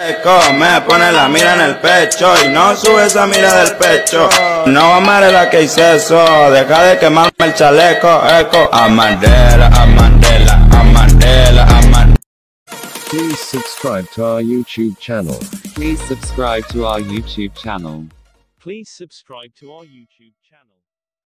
Me pone la mira en el pecho y no sube esa mira del pecho. No amaré la que hice eso, deja de quemarme el chaleco, eco. Amandela, Mandela, Amandela, Mandela, Mandela, Mandela. Please subscribe to our YouTube channel. Please subscribe to our YouTube channel. Please subscribe to our YouTube channel.